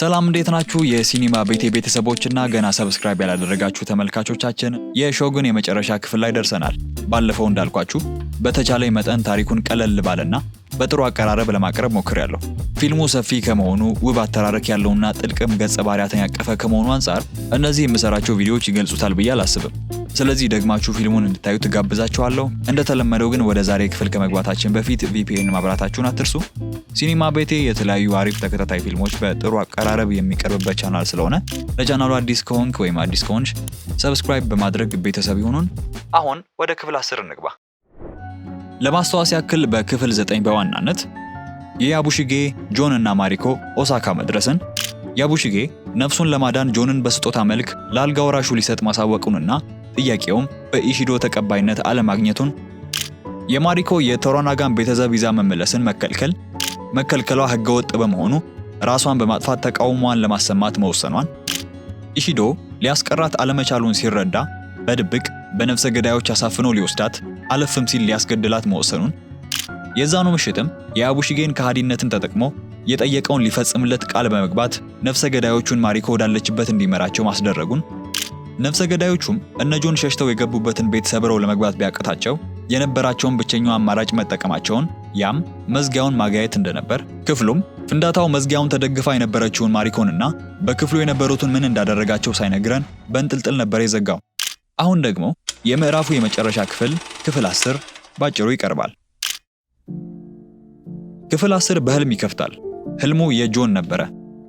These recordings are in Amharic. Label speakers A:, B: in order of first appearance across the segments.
A: ሰላም እንዴት ናችሁ? የሲኒማ ቤቴ ቤተሰቦችና ገና ሰብስክራይብ ያላደረጋችሁ ተመልካቾቻችን የሾጉን የመጨረሻ ክፍል ላይ ደርሰናል። ባለፈው እንዳልኳችሁ በተቻለ መጠን ታሪኩን ቀለል ባለና በጥሩ አቀራረብ ለማቅረብ ሞክሬያለሁ። ፊልሙ ሰፊ ከመሆኑ ውብ አተራረክ ያለውና ጥልቅም ገጸ ባህሪያትን ያቀፈ ከመሆኑ አንጻር እነዚህ የምሰራቸው ቪዲዮዎች ይገልጹታል ብዬ አላስብም። ስለዚህ ደግማችሁ ፊልሙን እንድታዩ ትጋብዛችኋለሁ። እንደተለመደው ግን ወደ ዛሬ ክፍል ከመግባታችን በፊት ቪፒኤን ማብራታችሁን አትርሱ። ሲኒማ ቤቴ የተለያዩ አሪፍ ተከታታይ ፊልሞች በጥሩ አቀራረብ የሚቀርብበት ቻናል ስለሆነ ለቻናሉ አዲስ ከሆንክ ወይም አዲስ ከሆንሽ ሰብስክራይብ በማድረግ ቤተሰብ ይሁኑን። አሁን ወደ ክፍል አስር እንግባ። ለማስታወስ ያክል በክፍል ዘጠኝ በዋናነት የያቡሽጌ ጆን እና ማሪኮ ኦሳካ መድረስን ያቡሽጌ ነፍሱን ለማዳን ጆንን በስጦታ መልክ ለአልጋ ወራሹ ሊሰጥ ማሳወቁንና ጥያቄውም በኢሺዶ ተቀባይነት አለማግኘቱን፣ የማሪኮ የቶራናጋን ቤተሰብ ይዛ መመለስን መከልከል መከልከሏ ህገወጥ በመሆኑ ራሷን በማጥፋት ተቃውሟን ለማሰማት መወሰኗን፣ ኢሺዶ ሊያስቀራት አለመቻሉን ሲረዳ በድብቅ በነፍሰ ገዳዮች አሳፍኖ ሊወስዳት አለፍም ሲል ሊያስገድላት መወሰኑን የዛኑ ምሽትም የአቡሽጌን ከሃዲነትን ተጠቅሞ የጠየቀውን ሊፈጽምለት ቃል በመግባት ነፍሰ ገዳዮቹን ማሪኮ ወዳለችበት እንዲመራቸው ማስደረጉን ነፍሰ ገዳዮቹም እነ ጆን ሸሽተው የገቡበትን ቤት ሰብረው ለመግባት ቢያቅታቸው የነበራቸውን ብቸኛው አማራጭ መጠቀማቸውን ያም መዝጊያውን ማጋየት እንደነበር ክፍሉም ፍንዳታው መዝጊያውን ተደግፋ የነበረችውን ማሪኮንና በክፍሉ የነበሩትን ምን እንዳደረጋቸው ሳይነግረን በእንጥልጥል ነበር የዘጋው። አሁን ደግሞ የምዕራፉ የመጨረሻ ክፍል ክፍል አስር ባጭሩ ይቀርባል። ክፍል አስር በህልም ይከፍታል። ህልሙ የጆን ነበረ።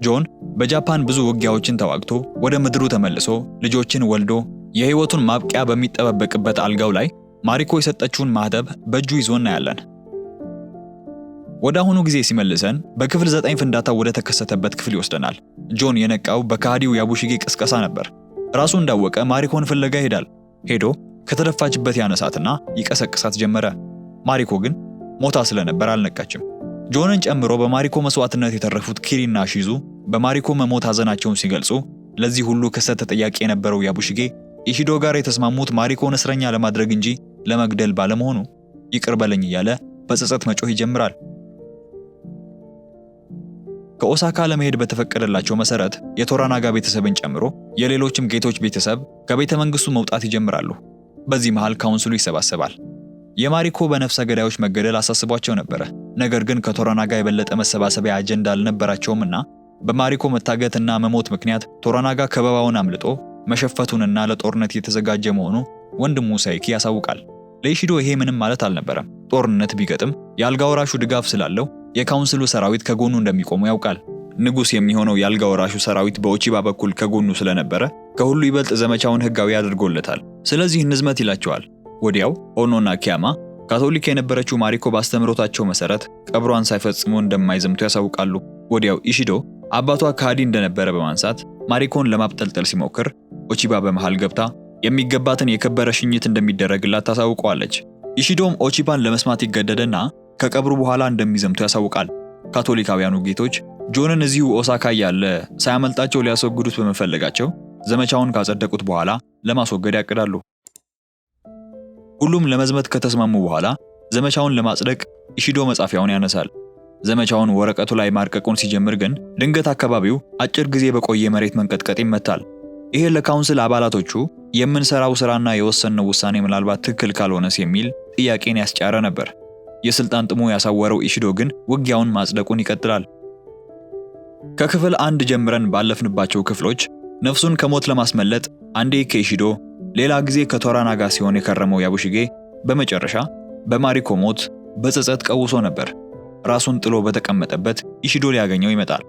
A: ጆን በጃፓን ብዙ ውጊያዎችን ተዋግቶ ወደ ምድሩ ተመልሶ ልጆችን ወልዶ የህይወቱን ማብቂያ በሚጠባበቅበት አልጋው ላይ ማሪኮ የሰጠችውን ማህተብ በእጁ ይዞ እናያለን። ወደ አሁኑ ጊዜ ሲመልሰን በክፍል ዘጠኝ ፍንዳታው ወደ ተከሰተበት ክፍል ይወስደናል። ጆን የነቃው በካዲው ያቡሽጌ ቅስቀሳ ነበር። ራሱ እንዳወቀ ማሪኮን ፍለጋ ይሄዳል። ሄዶ ከተደፋችበት ያነሳትና ይቀሰቅሳት ጀመረ። ማሪኮ ግን ሞታ ስለነበር አልነቃችም። ጆንን ጨምሮ በማሪኮ መስዋዕትነት የተረፉት ኪሪና ሺዙ በማሪኮ መሞት ሐዘናቸውን ሲገልጹ ለዚህ ሁሉ ክስተት ተጠያቂ የነበረው ያቡሽጌ ኢሺዶ ጋር የተስማሙት ማሪኮን እስረኛ ለማድረግ እንጂ ለመግደል ባለመሆኑ ይቅር በለኝ እያለ በጸጸት መጮህ ይጀምራል። ከኦሳካ ለመሄድ በተፈቀደላቸው መሰረት የቶራናጋ ቤተሰብን ጨምሮ የሌሎችም ጌቶች ቤተሰብ ከቤተ መንግስቱ መውጣት ይጀምራሉ። በዚህ መሃል ካውንስሉ ይሰባሰባል። የማሪኮ በነፍሰ ገዳዮች መገደል አሳስቧቸው ነበረ። ነገር ግን ከቶራናጋ የበለጠ መሰባሰቢያ አጀንዳ አልነበራቸውምና በማሪኮ መታገትና መሞት ምክንያት ቶራናጋ ከበባውን አምልጦ መሸፈቱንና ለጦርነት የተዘጋጀ መሆኑ ወንድሙ ሳይኪ ያሳውቃል። ለኢሺዶ ይሄ ምንም ማለት አልነበረም። ጦርነት ቢገጥም የአልጋ ወራሹ ድጋፍ ስላለው የካውንስሉ ሰራዊት ከጎኑ እንደሚቆሙ ያውቃል። ንጉስ የሚሆነው የአልጋ ወራሹ ሰራዊት በኦቺባ በኩል ከጎኑ ስለነበረ ከሁሉ ይበልጥ ዘመቻውን ህጋዊ አድርጎለታል። ስለዚህ ንዝመት ይላቸዋል። ወዲያው ኦኖና ኪያማ ካቶሊክ የነበረችው ማሪኮ ባስተምሮታቸው መሰረት ቀብሯን ሳይፈጽሙ እንደማይዘምቱ ያሳውቃሉ። ወዲያው ኢሺዶ አባቷ ከሃዲ እንደነበረ በማንሳት ማሪኮን ለማብጠልጠል ሲሞክር ኦቺባ በመሃል ገብታ የሚገባትን የከበረ ሽኝት እንደሚደረግላት ታሳውቀዋለች። ኢሺዶም ኦቺባን ለመስማት ይገደደና ከቀብሩ በኋላ እንደሚዘምቱ ያሳውቃል። ካቶሊካውያኑ ጌቶች ጆንን እዚሁ ኦሳካ እያለ ሳያመልጣቸው ሊያስወግዱት በመፈለጋቸው ዘመቻውን ካጸደቁት በኋላ ለማስወገድ ያቅዳሉ። ሁሉም ለመዝመት ከተስማሙ በኋላ ዘመቻውን ለማጽደቅ ኢሺዶ መጻፊያውን ያነሳል። ዘመቻውን ወረቀቱ ላይ ማርቀቁን ሲጀምር ግን ድንገት አካባቢው አጭር ጊዜ በቆየ መሬት መንቀጥቀጥ ይመታል። ይሄ ለካውንስል አባላቶቹ የምንሰራው ስራና የወሰነው ውሳኔ ምናልባት ትክክል ካልሆነስ የሚል ጥያቄን ያስጫረ ነበር። የስልጣን ጥሙ ያሳወረው ኢሽዶ ግን ውጊያውን ማጽደቁን ይቀጥላል። ከክፍል አንድ ጀምረን ባለፍንባቸው ክፍሎች ነፍሱን ከሞት ለማስመለጥ አንዴ ከኢሽዶ ሌላ ጊዜ ከቶራና ሲሆን የከረመው ያቡሽጌ በመጨረሻ በማሪኮ ሞት በጸጸት ቀውሶ ነበር። ራሱን ጥሎ በተቀመጠበት ኢሺዶ ሊያገኘው ይመጣል።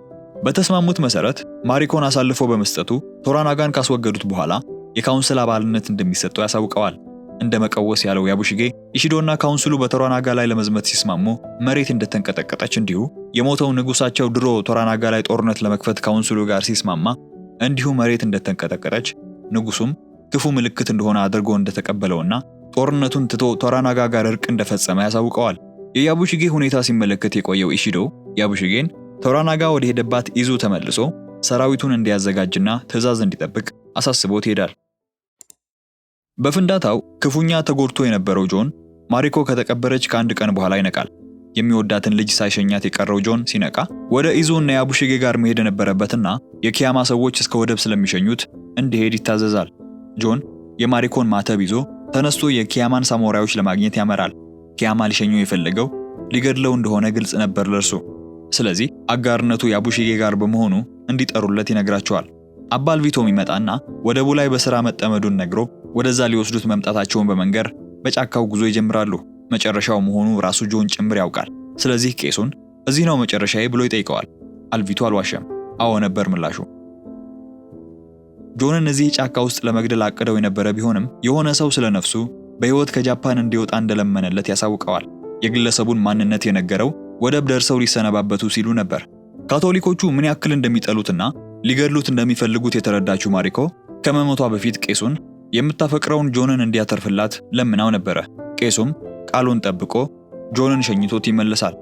A: በተስማሙት መሰረት ማሪኮን አሳልፎ በመስጠቱ ቶራናጋን ካስወገዱት በኋላ የካውንስል አባልነት እንደሚሰጠው ያሳውቀዋል። እንደ መቀወስ ያለው ያቡሽጌ ኢሺዶና ካውንስሉ በቶራናጋ ላይ ለመዝመት ሲስማሙ መሬት እንደተንቀጠቀጠች እንዲሁ የሞተው ንጉሳቸው ድሮ ቶራናጋ ላይ ጦርነት ለመክፈት ካውንስሉ ጋር ሲስማማ እንዲሁ መሬት እንደተንቀጠቀጠች ንጉሱም ክፉ ምልክት እንደሆነ አድርጎ እንደተቀበለውና ጦርነቱን ትቶ ቶራናጋ ጋር እርቅ እንደፈጸመ ያሳውቀዋል። የያቡሽጌ ሁኔታ ሲመለከት የቆየው ኢሺዶ ያቡሽጌን ተውራናጋ ወደ ሄደባት ይዞ ተመልሶ ሰራዊቱን እንዲያዘጋጅና ትዕዛዝ እንዲጠብቅ አሳስቦት ይሄዳል። በፍንዳታው ክፉኛ ተጎድቶ የነበረው ጆን ማሪኮ ከተቀበረች ከአንድ ቀን በኋላ ይነቃል። የሚወዳትን ልጅ ሳይሸኛት የቀረው ጆን ሲነቃ ወደ ኢዞ እና ያቡሽጌ ጋር መሄድ የነበረበትና የኪያማ ሰዎች እስከ ወደብ ስለሚሸኙት እንዲሄድ ይታዘዛል። ጆን የማሪኮን ማተብ ይዞ ተነስቶ የኪያማን ሳሞራዮች ለማግኘት ያመራል። ኪያማ ሊሸኘው የፈለገው ሊገድለው እንደሆነ ግልጽ ነበር ለእርሱ። ስለዚህ አጋርነቱ የአቡሽጌ ጋር በመሆኑ እንዲጠሩለት ይነግራቸዋል። አባልቪቶም ይመጣና ወደቡ ላይ በሥራ መጠመዱን ነግሮ ወደዛ ሊወስዱት መምጣታቸውን በመንገር በጫካው ጉዞ ይጀምራሉ። መጨረሻው መሆኑ ራሱ ጆን ጭምር ያውቃል። ስለዚህ ቄሱን እዚህ ነው መጨረሻዬ ብሎ ይጠይቀዋል። አልቪቱ አልዋሸም፣ አዎ ነበር ምላሹ። ጆንን እዚህ ጫካ ውስጥ ለመግደል አቅደው የነበረ ቢሆንም የሆነ ሰው ስለ ነፍሱ በሕይወት ከጃፓን እንዲወጣ እንደለመነለት ያሳውቀዋል። የግለሰቡን ማንነት የነገረው ወደብ ደርሰው ሊሰነባበቱ ሲሉ ነበር። ካቶሊኮቹ ምን ያክል እንደሚጠሉትና ሊገድሉት እንደሚፈልጉት የተረዳችው ማሪኮ ከመሞቷ በፊት ቄሱን የምታፈቅረውን ጆንን እንዲያተርፍላት ለምናው ነበረ። ቄሱም ቃሉን ጠብቆ ጆንን ሸኝቶት ይመለሳል።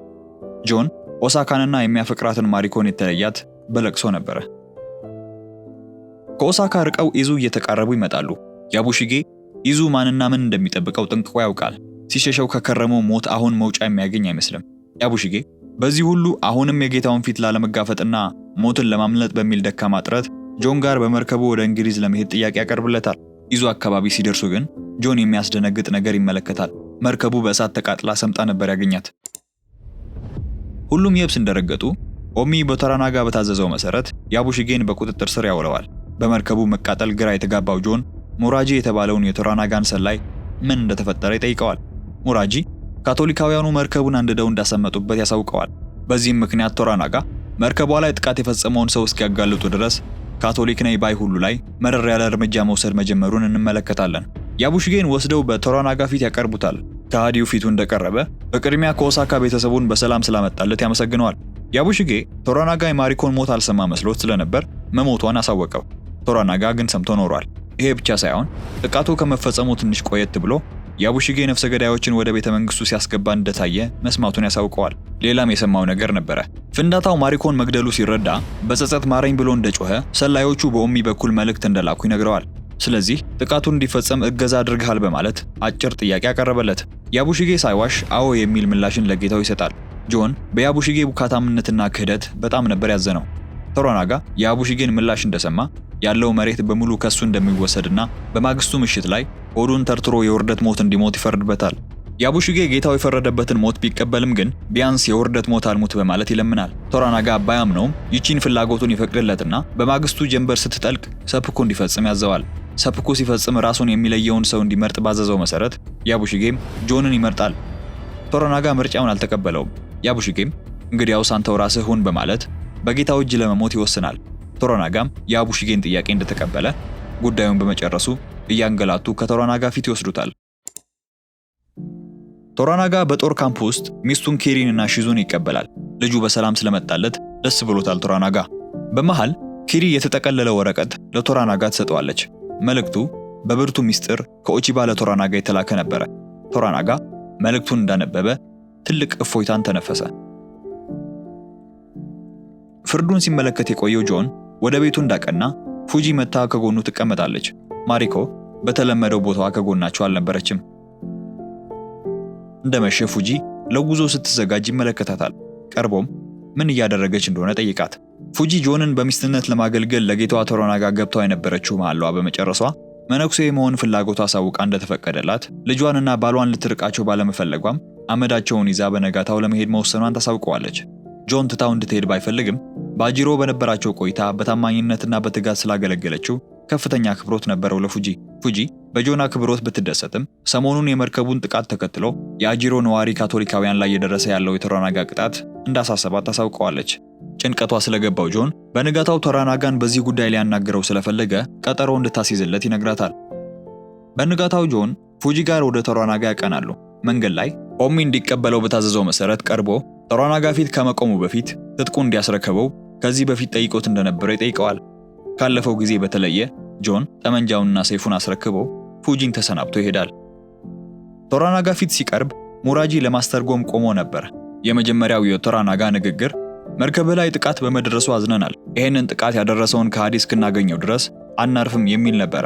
A: ጆን ኦሳካንና የሚያፈቅራትን ማሪኮን የተለያት በለቅሶ ነበረ። ከኦሳካ ርቀው ኢዙ እየተቃረቡ ይመጣሉ። ያቡሽጌ ይዙ ማንና ምን እንደሚጠብቀው ጠንቅቆ ያውቃል። ሲሸሸው ከከረመው ሞት አሁን መውጫ የሚያገኝ አይመስልም። ያቡሽጌ በዚህ ሁሉ አሁንም የጌታውን ፊት ላለመጋፈጥና ሞትን ለማምለጥ በሚል ደካማ ጥረት ጆን ጋር በመርከቡ ወደ እንግሊዝ ለመሄድ ጥያቄ ያቀርብለታል። ይዙ አካባቢ ሲደርሱ ግን ጆን የሚያስደነግጥ ነገር ይመለከታል። መርከቡ በእሳት ተቃጥላ ሰምጣ ነበር ያገኛት። ሁሉም የብስ እንደረገጡ ኦሚ በተራናጋ በታዘዘው መሰረት ያቡሽጌን በቁጥጥር ስር ያውለዋል። በመርከቡ መቃጠል ግራ የተጋባው ጆን ሙራጂ የተባለውን የቱራናጋን ሰላይ ምን እንደተፈጠረ ይጠይቀዋል። ሙራጂ ካቶሊካውያኑ መርከቡን አንድደው እንዳሰመጡበት ያሳውቀዋል። በዚህም ምክንያት ቶራናጋ መርከቧ ላይ ጥቃት የፈጸመውን ሰው እስኪያጋልጡ ድረስ ካቶሊክ ነይ ባይ ሁሉ ላይ መረር ያለ እርምጃ መውሰድ መጀመሩን እንመለከታለን። ያቡሽጌን ወስደው በቶራናጋ ፊት ያቀርቡታል። ከሃዲው ፊቱ እንደቀረበ በቅድሚያ ከኦሳካ ቤተሰቡን በሰላም ስላመጣለት ያመሰግነዋል። ያቡሽጌ ቶራናጋ የማሪኮን ሞት አልሰማ መስሎት ስለነበር መሞቷን አሳወቀው። ቶራናጋ ግን ሰምቶ ኖሯል። ይሄ ብቻ ሳይሆን ጥቃቱ ከመፈጸሙ ትንሽ ቆየት ብሎ የአቡሽጌ ነፍሰ ገዳዮችን ወደ ቤተ መንግስቱ ሲያስገባ እንደታየ መስማቱን ያሳውቀዋል። ሌላም የሰማው ነገር ነበረ። ፍንዳታው ማሪኮን መግደሉ ሲረዳ በጸጸት ማረኝ ብሎ እንደጮኸ ሰላዮቹ በኦሚ በኩል መልእክት እንደላኩ ይነግረዋል። ስለዚህ ጥቃቱ እንዲፈጸም እገዛ አድርግሃል በማለት አጭር ጥያቄ አቀረበለት። የአቡሽጌ ሳይዋሽ አዎ የሚል ምላሽን ለጌታው ይሰጣል። ጆን በያቡሽጌ ቡካታምነትና ክህደት በጣም ነበር ያዘነው። ተሮናጋ የአቡሺጌን ምላሽ እንደሰማ ያለው መሬት በሙሉ ከሱ እንደሚወሰድና በማግስቱ ምሽት ላይ ሆዱን ተርትሮ የውርደት ሞት እንዲሞት ይፈርድበታል። የአቡሺጌ ጌታው የፈረደበትን ሞት ቢቀበልም ግን ቢያንስ የውርደት ሞት አልሙት በማለት ይለምናል። ቶራናጋ ባያምነውም ይቺን ፍላጎቱን ይፈቅድለትና በማግስቱ ጀንበር ስትጠልቅ ሰፕኩ እንዲፈጽም ያዘዋል። ሰፕኩ ሲፈጽም ራሱን የሚለየውን ሰው እንዲመርጥ ባዘዘው መሰረት የአቡሺጌም ጆንን ይመርጣል። ቶራናጋ ምርጫውን አልተቀበለውም። የአቡሺጌም እንግዲያውስ አንተው ራስህ ሁን በማለት በጌታው እጅ ለመሞት ይወስናል። ቶራናጋም የአቡሺጌን ጥያቄ እንደተቀበለ ጉዳዩን በመጨረሱ እያንገላቱ ከቶራናጋ ፊት ይወስዱታል። ቶራናጋ በጦር ካምፕ ውስጥ ሚስቱን ኬሪን እና ሺዙን ይቀበላል። ልጁ በሰላም ስለመጣለት ደስ ብሎታል ቶራናጋ። በመሃል ኪሪ የተጠቀለለ ወረቀት ለቶራናጋ ትሰጠዋለች። መልእክቱ በብርቱ ሚስጥር ከኦቺባ ለቶራናጋ የተላከ ነበረ። ቶራናጋ መልእክቱን እንዳነበበ ትልቅ እፎይታን ተነፈሰ። ፍርዱን ሲመለከት የቆየው ጆን ወደ ቤቱ እንዳቀና ፉጂ መታ ከጎኑ ትቀመጣለች። ማሪኮ በተለመደው ቦታዋ ከጎናቸው አልነበረችም። እንደመሸ ፉጂ ለጉዞ ስትዘጋጅ ይመለከታታል። ቀርቦም ምን እያደረገች እንደሆነ ጠይቃት። ፉጂ ጆንን በሚስትነት ለማገልገል ለጌታዋ ተሮናጋ ገብታ የነበረችው መሐላዋ በመጨረሷ መነኩሴ የመሆን ፍላጎቷ አሳውቃ እንደተፈቀደላት ልጇንና ባሏን ልትርቃቸው ባለመፈለጓም አመዳቸውን ይዛ በነጋታው ለመሄድ መወሰኗን ታሳውቀዋለች። ጆን ትታው እንድትሄድ ባይፈልግም በአጂሮ በነበራቸው ቆይታ በታማኝነትና በትጋት ስላገለገለችው ከፍተኛ አክብሮት ነበረው ለፉጂ። ፉጂ በጆን አክብሮት ብትደሰትም ሰሞኑን የመርከቡን ጥቃት ተከትሎ የአጂሮ ነዋሪ ካቶሊካውያን ላይ የደረሰ ያለው የተራናጋ ቅጣት እንዳሳሰባት ታሳውቀዋለች። ጭንቀቷ ስለገባው ጆን በንጋታው ተራናጋን በዚህ ጉዳይ ሊያናግረው ስለፈለገ ቀጠሮ እንድታስይዝለት ይነግራታል። በንጋታው ጆን ፉጂ ጋር ወደ ተራናጋ ያቀናሉ። መንገድ ላይ ኦሚ እንዲቀበለው በታዘዘው መሰረት ቀርቦ ጠሯናጋ ፊት ከመቆሙ በፊት ትጥቁ እንዲያስረከበው ከዚህ በፊት ጠይቆት እንደነበረ ይጠይቀዋል። ካለፈው ጊዜ በተለየ ጆን ጠመንጃውንና ሰይፉን አስረክቦ ፉጂን ተሰናብቶ ይሄዳል። ቶራናጋ ፊት ሲቀርብ ሙራጂ ለማስተርጎም ቆሞ ነበር። የመጀመሪያው የቶራናጋ ንግግር መርከብ ላይ ጥቃት በመድረሱ አዝነናል፣ ይህንን ጥቃት ያደረሰውን ከሃዲ እስክናገኘው ድረስ አናርፍም የሚል ነበረ።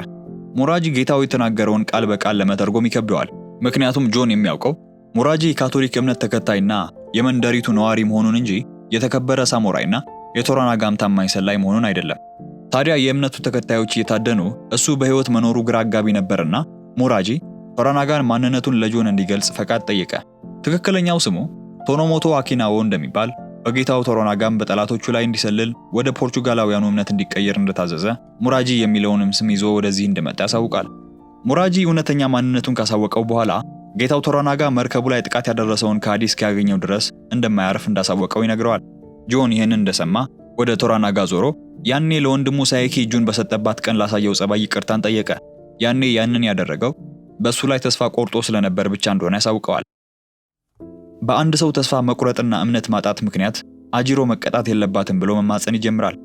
A: ሙራጂ ጌታው የተናገረውን ቃል በቃል ለመተርጎም ይከብደዋል። ምክንያቱም ጆን የሚያውቀው ሙራጂ የካቶሊክ እምነት ተከታይና የመንደሪቱ ነዋሪ መሆኑን እንጂ የተከበረ ሳሞራይና የቶራናጋም ታማኝ ሰላይ መሆኑን አይደለም። ታዲያ የእምነቱ ተከታዮች እየታደኑ እሱ በሕይወት መኖሩ ግራ አጋቢ ነበርና ሞራጂ ቶራናጋን ማንነቱን ለጆን እንዲገልጽ ፈቃድ ጠየቀ። ትክክለኛው ስሙ ቶኖሞቶ አኪናዎ እንደሚባል በጌታው ቶራናጋም በጠላቶቹ ላይ እንዲሰልል ወደ ፖርቹጋላውያኑ እምነት እንዲቀየር እንደታዘዘ ሙራጂ የሚለውንም ስም ይዞ ወደዚህ እንደመጣ ያሳውቃል። ሙራጂ እውነተኛ ማንነቱን ካሳወቀው በኋላ ጌታው ቶራናጋ መርከቡ ላይ ጥቃት ያደረሰውን ከሃዲ እስኪያገኘው ድረስ እንደማያርፍ እንዳሳወቀው ይነግረዋል። ጆን ይህንን እንደሰማ ወደ ቶራናጋ ዞሮ ያኔ ለወንድሙ ሳይኪ እጁን በሰጠባት ቀን ላሳየው ጸባይ ይቅርታን ጠየቀ። ያኔ ያንን ያደረገው በእሱ ላይ ተስፋ ቆርጦ ስለነበር ብቻ እንደሆነ ያሳውቀዋል። በአንድ ሰው ተስፋ መቁረጥና እምነት ማጣት ምክንያት አጂሮ መቀጣት የለባትም ብሎ መማፀን ይጀምራል።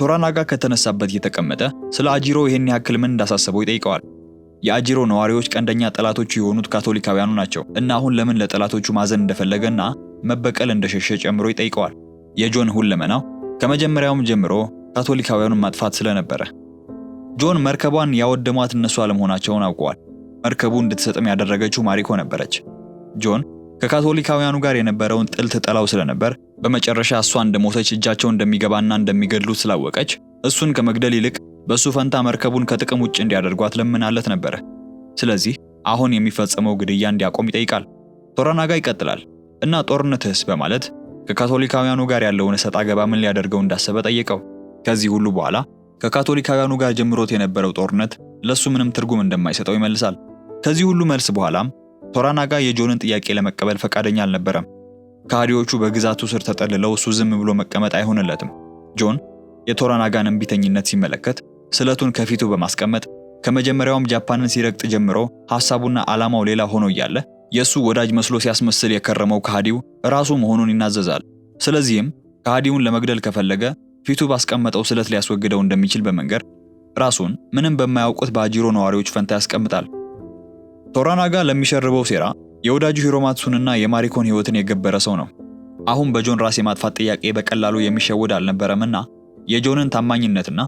A: ቶራናጋ ከተነሳበት እየተቀመጠ ስለ አጂሮ ይህን ያክል ምን እንዳሳሰበው ይጠይቀዋል። የአጂሮ ነዋሪዎች ቀንደኛ ጠላቶቹ የሆኑት ካቶሊካውያኑ ናቸው እና አሁን ለምን ለጠላቶቹ ማዘን እንደፈለገና መበቀል እንደሸሸ ጨምሮ ይጠይቀዋል። የጆን ሁለመናው ከመጀመሪያውም ጀምሮ ካቶሊካውያኑን ማጥፋት ስለነበረ ጆን መርከቧን ያወደሟት እነሱ አለመሆናቸውን አውቀዋል። መርከቡ እንድትሰጥም ያደረገችው ማሪኮ ነበረች። ጆን ከካቶሊካውያኑ ጋር የነበረውን ጥል ትጠላው ስለነበር በመጨረሻ እሷ እንደሞተች እጃቸው እንደሚገባና እንደሚገድሉት ስላወቀች እሱን ከመግደል ይልቅ በሱ ፈንታ መርከቡን ከጥቅም ውጭ እንዲያደርጓት ለምናለት ነበረ። ስለዚህ አሁን የሚፈጸመው ግድያ እንዲያቆም ይጠይቃል። ቶራናጋ ይቀጥላል እና ህስ በማለት ከካቶሊካውያኑ ጋር ያለውን እሰጥ አገባ ምን ሊያደርገው እንዳሰበ ጠየቀው። ከዚህ ሁሉ በኋላ ከካቶሊካውያኑ ጋር ጀምሮት የነበረው ጦርነት ለሱ ምንም ትርጉም እንደማይሰጠው ይመልሳል። ከዚህ ሁሉ መልስ በኋላም ቶራናጋ የጆንን ጥያቄ ለመቀበል ፈቃደኛ አልነበረም። ከሃዲዎቹ በግዛቱ ስር ተጠልለው እሱ ዝም ብሎ መቀመጥ አይሆንለትም። ጆን የቶራናጋን እምቢተኝነት ሲመለከት ስለቱን ከፊቱ በማስቀመጥ ከመጀመሪያውም ጃፓንን ሲረግጥ ጀምሮ ሐሳቡና ዓላማው ሌላ ሆኖ እያለ የእሱ ወዳጅ መስሎ ሲያስመስል የከረመው ከሃዲው ራሱ መሆኑን ይናዘዛል። ስለዚህም ከሃዲውን ለመግደል ከፈለገ ፊቱ ባስቀመጠው ስለት ሊያስወግደው እንደሚችል በመንገር ራሱን ምንም በማያውቁት በአጂሮ ነዋሪዎች ፈንታ ያስቀምጣል። ቶራናጋ ለሚሸርበው ሴራ የወዳጁ ሂሮማትሱንና የማሪኮን ሕይወትን የገበረ ሰው ነው። አሁን በጆን ራስ የማጥፋት ጥያቄ በቀላሉ የሚሸወድ አልነበረምና የጆንን ታማኝነትና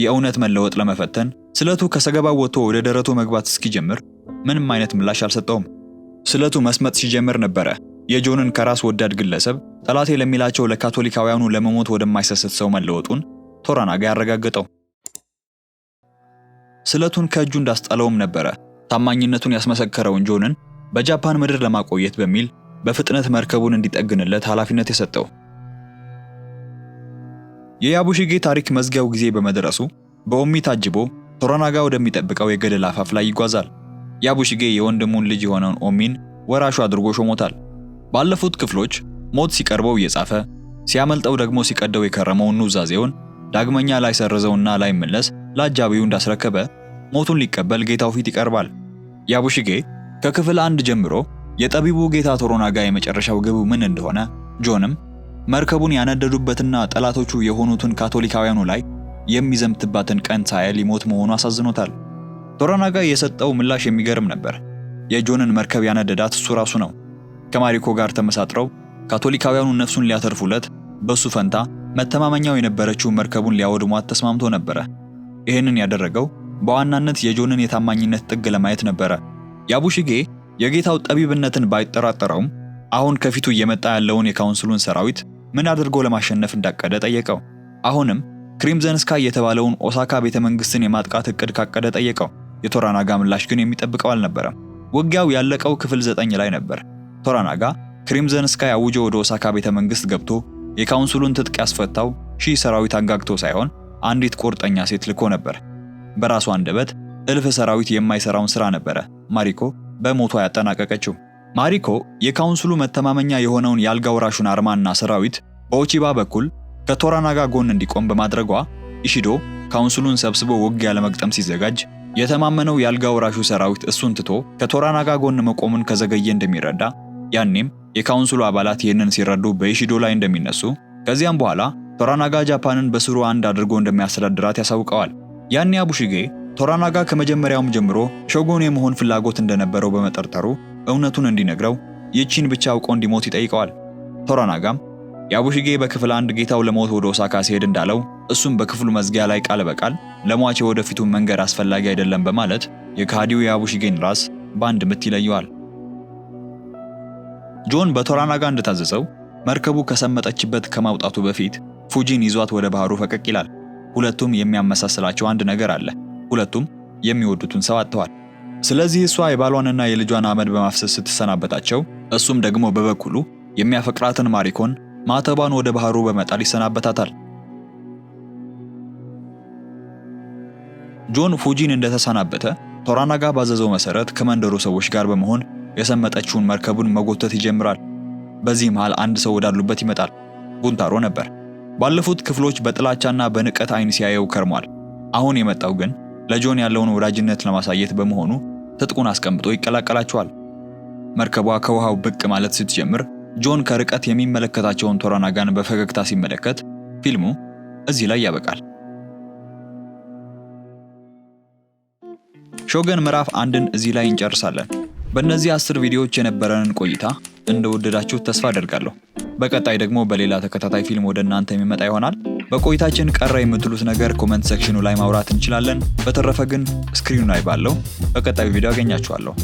A: የእውነት መለወጥ ለመፈተን ስለቱ ከሰገባው ወጥቶ ወደ ደረቱ መግባት እስኪጀምር ምንም አይነት ምላሽ አልሰጠውም። ስለቱ መስመጥ ሲጀምር ነበረ የጆንን ከራስ ወዳድ ግለሰብ ጠላቴ ለሚላቸው ለካቶሊካውያኑ ለመሞት ወደማይሰስት ሰው መለወጡን ቶራናጋ ያረጋገጠው። ስለቱን ከእጁ እንዳስጠለውም ነበረ ታማኝነቱን ያስመሰከረውን ጆንን በጃፓን ምድር ለማቆየት በሚል በፍጥነት መርከቡን እንዲጠግንለት ኃላፊነት የሰጠው። የያቡሽጌ ታሪክ መዝጊያው ጊዜ በመድረሱ በኦሚ ታጅቦ ቶራናጋ ወደሚጠብቀው የገደል አፋፍ ላይ ይጓዛል። ያቡሽጌ የወንድሙን ልጅ የሆነውን ኦሚን ወራሹ አድርጎ ሾሞታል። ባለፉት ክፍሎች ሞት ሲቀርበው እየጻፈ ሲያመልጠው ደግሞ ሲቀደው የከረመውን ኑዛዜውን ዳግመኛ ላይ ላይ መለስ ለአጃቢው እንዳስረከበ ሞቱን ሊቀበል ጌታው ፊት ይቀርባል። ያቡሽጌ ከክፍል አንድ ጀምሮ የጠቢቡ ጌታ ቶሮናጋ የመጨረሻው ግቡ ምን እንደሆነ ጆንም መርከቡን ያነደዱበትና ጠላቶቹ የሆኑትን ካቶሊካውያኑ ላይ የሚዘምትባትን ቀን ሳያይ ሊሞት መሆኑ አሳዝኖታል። ቶራናጋ የሰጠው ምላሽ የሚገርም ነበር። የጆንን መርከብ ያነደዳት እሱ ራሱ ነው። ከማሪኮ ጋር ተመሳጥረው ካቶሊካውያኑ ነፍሱን ሊያተርፉለት፣ በሱ ፈንታ መተማመኛው የነበረችው መርከቡን ሊያወድሟት ተስማምቶ ነበረ። ይህንን ያደረገው በዋናነት የጆንን የታማኝነት ጥግ ለማየት ነበረ። ያቡሽጌ የጌታው ጠቢብነትን ባይጠራጠረውም አሁን ከፊቱ እየመጣ ያለውን የካውንስሉን ሰራዊት ምን አድርጎ ለማሸነፍ እንዳቀደ ጠየቀው። አሁንም ክሪምዘን ስካይ የተባለውን ኦሳካ ቤተመንግስትን የማጥቃት እቅድ ካቀደ ጠየቀው። የቶራናጋ ምላሽ ግን የሚጠብቀው አልነበረም። ውጊያው ያለቀው ክፍል ዘጠኝ ላይ ነበር። ቶራናጋ ክሪምዘን ስካይ አውጆ ወደ ኦሳካ ቤተመንግስት ገብቶ የካውንስሉን ትጥቅ ያስፈታው ሺህ ሰራዊት አንጋግቶ ሳይሆን አንዲት ቁርጠኛ ሴት ልኮ ነበር። በራሷ አንደበት እልፍ ሰራዊት የማይሰራውን ስራ ነበረ ማሪኮ በሞቷ ያጠናቀቀችው። ማሪኮ የካውንስሉ መተማመኛ የሆነውን የአልጋ ወራሹን አርማና ሰራዊት በኦቺባ በኩል ከቶራናጋ ጎን እንዲቆም በማድረጓ ኢሺዶ ካውንስሉን ሰብስቦ ውጊያ ለመግጠም ሲዘጋጅ የተማመነው የአልጋ ወራሹ ሰራዊት እሱን ትቶ ከቶራናጋ ጎን መቆሙን ከዘገየ እንደሚረዳ ያኔም የካውንስሉ አባላት ይህንን ሲረዱ በኢሺዶ ላይ እንደሚነሱ ከዚያም በኋላ ቶራናጋ ጃፓንን በስሩ አንድ አድርጎ እንደሚያስተዳድራት ያሳውቀዋል። ያኔ አቡሺጌ ቶራናጋ ከመጀመሪያውም ጀምሮ ሾጎን የመሆን ፍላጎት እንደነበረው በመጠርጠሩ እውነቱን እንዲነግረው ይቺን ብቻ አውቆ እንዲሞት ይጠይቀዋል። ቶራናጋም ያቡሽጌ በክፍል አንድ ጌታው ለሞት ወደ ኦሳካ ሲሄድ እንዳለው እሱም በክፍሉ መዝጊያ ላይ ቃል በቃል ለሟቸው ወደፊቱ መንገድ አስፈላጊ አይደለም በማለት የካዲው የአቡሽጌን ራስ በአንድ ምት ይለየዋል። ጆን በቶራናጋ እንደታዘዘው መርከቡ ከሰመጠችበት ከማውጣቱ በፊት ፉጂን ይዟት ወደ ባህሩ ፈቀቅ ይላል። ሁለቱም የሚያመሳስላቸው አንድ ነገር አለ። ሁለቱም የሚወዱትን ሰው አጥተዋል። ስለዚህ እሷ የባሏንና የልጇን አመድ በማፍሰስ ስትሰናበታቸው እሱም ደግሞ በበኩሉ የሚያፈቅራትን ማሪኮን ማተቧን ወደ ባህሩ በመጣል ይሰናበታታል። ጆን ፉጂን እንደተሰናበተ ቶራናጋ ባዘዘው መሰረት ከመንደሩ ሰዎች ጋር በመሆን የሰመጠችውን መርከቡን መጎተት ይጀምራል። በዚህ መሃል አንድ ሰው ወዳሉበት ይመጣል። ቡንታሮ ነበር። ባለፉት ክፍሎች በጥላቻና በንቀት አይን ሲያየው ከርሟል። አሁን የመጣው ግን ለጆን ያለውን ወዳጅነት ለማሳየት በመሆኑ ትጥቁን አስቀምጦ ይቀላቀላቸዋል። መርከቧ ከውሃው ብቅ ማለት ስትጀምር ጆን ከርቀት የሚመለከታቸውን ቶራናጋን በፈገግታ ሲመለከት ፊልሙ እዚህ ላይ ያበቃል። ሾገን ምዕራፍ አንድን እዚህ ላይ እንጨርሳለን። በእነዚህ አስር ቪዲዮዎች የነበረንን ቆይታ እንደወደዳችሁ ተስፋ አደርጋለሁ። በቀጣይ ደግሞ በሌላ ተከታታይ ፊልም ወደ እናንተ የሚመጣ ይሆናል። በቆይታችን ቀረ የምትሉት ነገር ኮመንት ሴክሽኑ ላይ ማውራት እንችላለን። በተረፈ ግን ስክሪኑ ላይ ባለው በቀጣዩ ቪዲዮ አገኛችኋለሁ።